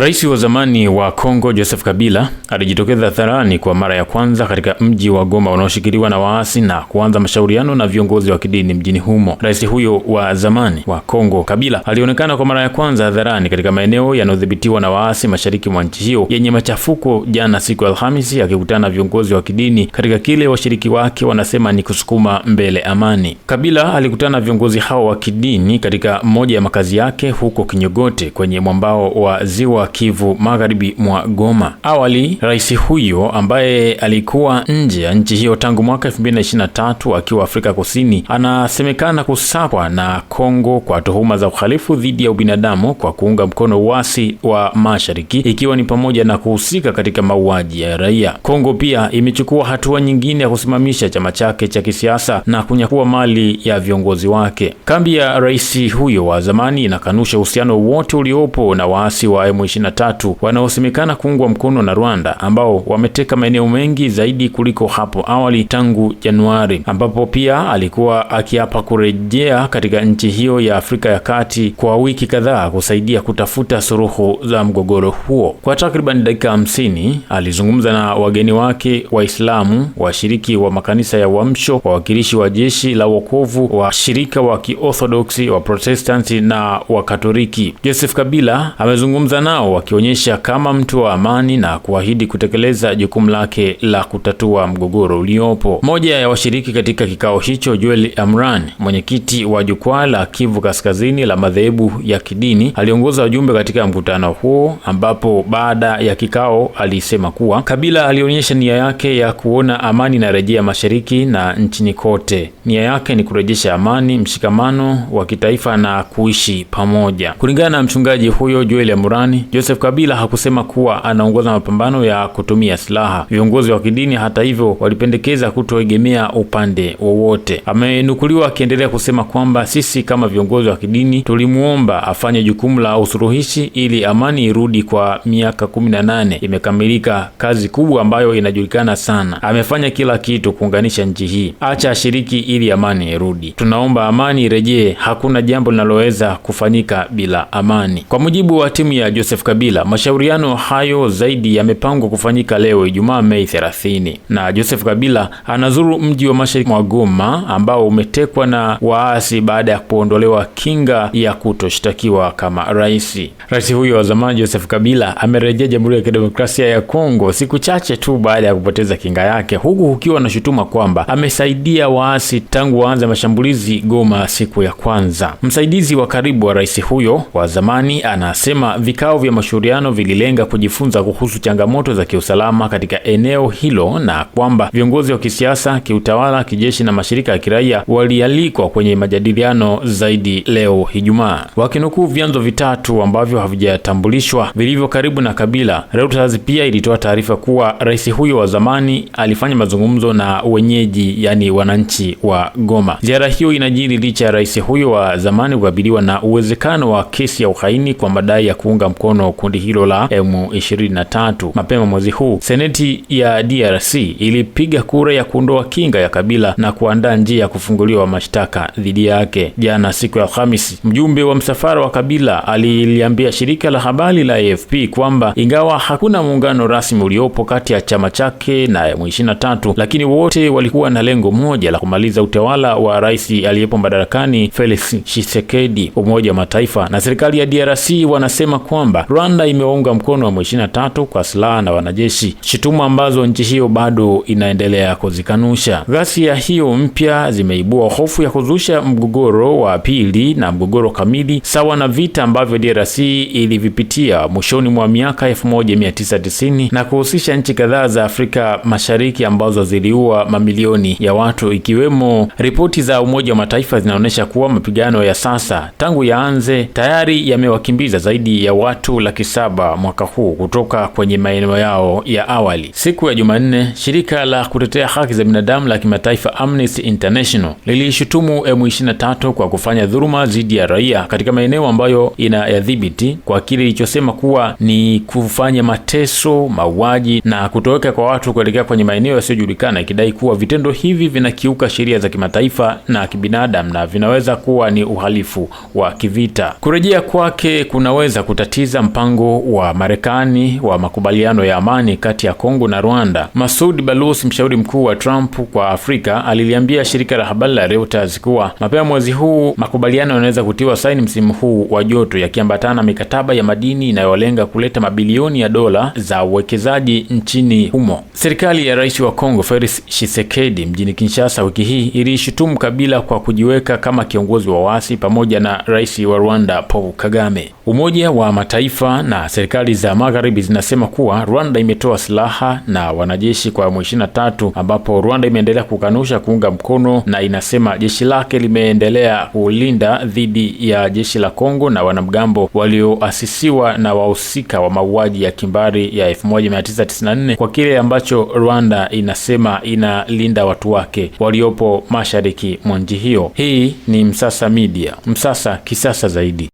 Rais wa zamani wa Kongo Joseph Kabila alijitokeza hadharani kwa mara ya kwanza katika mji wa Goma unaoshikiliwa na waasi na kuanza mashauriano na viongozi wa kidini mjini humo. Rais huyo wa zamani wa Kongo Kabila alionekana kwa mara ya kwanza hadharani katika maeneo yanayodhibitiwa na waasi mashariki mwa nchi hiyo yenye machafuko, jana siku ya Alhamisi, akikutana na viongozi wa kidini katika kile washiriki wake wanasema ni kusukuma mbele amani. Kabila alikutana na viongozi hao wa kidini katika moja ya makazi yake huko Kinyogote kwenye mwambao wa ziwa Kivu magharibi mwa Goma. Awali rais huyo ambaye alikuwa nje ya nchi hiyo tangu mwaka 2023 akiwa Afrika Kusini anasemekana kusakwa na Kongo kwa tuhuma za uhalifu dhidi ya ubinadamu kwa kuunga mkono uasi wa mashariki ikiwa ni pamoja na kuhusika katika mauaji ya raia. Kongo pia imechukua hatua nyingine ya kusimamisha chama chake cha kisiasa na kunyakua mali ya viongozi wake. Kambi ya rais huyo wa zamani inakanusha uhusiano wote uliopo na waasi wa M23 23 wanaosemekana kuungwa mkono na Rwanda ambao wameteka maeneo mengi zaidi kuliko hapo awali tangu Januari, ambapo pia alikuwa akiapa kurejea katika nchi hiyo ya Afrika ya Kati kwa wiki kadhaa kusaidia kutafuta suluhu za mgogoro huo. Kwa takriban dakika hamsini alizungumza na wageni wake Waislamu, washiriki wa makanisa ya Uamsho, wawakilishi wa jeshi la wokovu washirika wa Kiorthodoksi, wa Protestanti na Wakatoliki. Joseph Kabila amezungumza na nao wakionyesha kama mtu wa amani na kuahidi kutekeleza jukumu lake la kutatua mgogoro uliopo. Moja ya washiriki katika kikao hicho, Joel Amran, mwenyekiti wa jukwaa la Kivu Kaskazini la madhehebu ya kidini, aliongoza wajumbe katika mkutano huo, ambapo baada ya kikao alisema kuwa Kabila alionyesha nia yake ya kuona amani inarejea mashariki na nchini kote. Nia yake ni kurejesha amani, mshikamano wa kitaifa na kuishi pamoja. Kulingana na mchungaji huyo Joel Amran, Joseph Kabila hakusema kuwa anaongoza mapambano ya kutumia silaha. Viongozi wa kidini, hata hivyo, walipendekeza kutoegemea upande wowote. Amenukuliwa akiendelea kusema kwamba sisi kama viongozi wa kidini tulimuomba afanye jukumu la usuluhishi ili amani irudi. Kwa miaka kumi na nane imekamilika kazi kubwa ambayo inajulikana sana. Amefanya kila kitu kuunganisha nchi hii, acha ashiriki ili amani irudi. Tunaomba amani irejee, hakuna jambo linaloweza kufanyika bila amani. Kwa mujibu wa timu ya Joseph Joseph Kabila. Mashauriano hayo zaidi yamepangwa kufanyika leo Ijumaa Mei 30, na Joseph Kabila anazuru mji wa mashariki mwa Goma ambao umetekwa na waasi baada ya kuondolewa kinga ya kutoshtakiwa kama rais. Rais huyo wa zamani Joseph Kabila amerejea Jamhuri ya Kidemokrasia ya Kongo siku chache tu baada ya kupoteza kinga yake, huku kukiwa na shutuma kwamba amesaidia waasi tangu waanze mashambulizi Goma siku ya kwanza. Msaidizi wa karibu wa rais huyo wa zamani anasema vikao vya vya mashauriano vililenga kujifunza kuhusu changamoto za kiusalama katika eneo hilo na kwamba viongozi wa kisiasa, kiutawala, kijeshi na mashirika ya kiraia walialikwa kwenye majadiliano zaidi leo Ijumaa. Wakinukuu vyanzo vitatu ambavyo havijatambulishwa vilivyo karibu na Kabila, Reuters pia ilitoa taarifa kuwa rais huyo wa zamani alifanya mazungumzo na wenyeji, yani wananchi wa Goma. Ziara hiyo inajiri licha ya rais huyo wa zamani kukabiliwa na uwezekano wa kesi ya uhaini kwa madai ya kuunga mkono mkono kundi hilo la M23. Mapema mwezi huu seneti ya DRC ilipiga kura ya kuondoa kinga ya Kabila na kuandaa njia ya kufunguliwa mashtaka dhidi yake. Jana siku ya Alhamisi, mjumbe wa msafara wa Kabila aliliambia shirika la habari la AFP kwamba ingawa hakuna muungano rasmi uliopo kati ya chama chake na M23, lakini wote walikuwa na lengo moja la kumaliza utawala wa rais aliyepo madarakani Felix Tshisekedi. Umoja wa Mataifa na serikali ya DRC wanasema kwamba Rwanda imewaunga mkono wa M23 kwa silaha na wanajeshi, shutuma ambazo nchi hiyo bado inaendelea kuzikanusha. Ghasia hiyo mpya zimeibua hofu ya kuzusha mgogoro wa pili na mgogoro kamili sawa na vita ambavyo DRC ilivipitia mwishoni mwa miaka 1990 na kuhusisha nchi kadhaa za Afrika Mashariki ambazo ziliua mamilioni ya watu, ikiwemo ripoti za Umoja wa Mataifa zinaonyesha kuwa mapigano ya sasa tangu yaanze tayari yamewakimbiza zaidi ya watu laki saba mwaka huu kutoka kwenye maeneo yao ya awali. Siku ya Jumanne, shirika la kutetea haki za binadamu la kimataifa Amnesty International lilishutumu M23 kwa kufanya dhuluma dhidi ya raia katika maeneo ambayo ina yadhibiti kwa kile ilichosema kuwa ni kufanya mateso, mauaji na kutoweka kwa watu kuelekea kwenye maeneo yasiyojulikana, ikidai kuwa vitendo hivi vinakiuka sheria za kimataifa na kibinadamu na vinaweza kuwa ni uhalifu wa kivita. Kurejea kwake kunaweza kutatiza mpango wa Marekani wa makubaliano ya amani kati ya Kongo na Rwanda. Masud balus mshauri mkuu wa Trump kwa Afrika, aliliambia shirika la habari la Reuters kuwa mapema mwezi huu makubaliano yanaweza kutiwa saini msimu huu wa joto, yakiambatana na mikataba ya madini inayolenga kuleta mabilioni ya dola za uwekezaji nchini humo. Serikali ya rais wa Kongo Felix Tshisekedi mjini Kinshasa wiki hii iliishutumu Kabila kwa kujiweka kama kiongozi wa waasi pamoja na rais wa Rwanda Paul Kagame. Umoja wa Mataifa Mataifa na serikali za magharibi zinasema kuwa Rwanda imetoa silaha na wanajeshi kwa M23, ambapo Rwanda imeendelea kukanusha kuunga mkono na inasema jeshi lake limeendelea kulinda dhidi ya jeshi la Kongo na wanamgambo walioasisiwa na wahusika wa mauaji ya kimbari ya 1994 kwa kile ambacho Rwanda inasema inalinda watu wake waliopo mashariki mwa nchi hiyo. Hii ni Msasa Media, Msasa kisasa zaidi.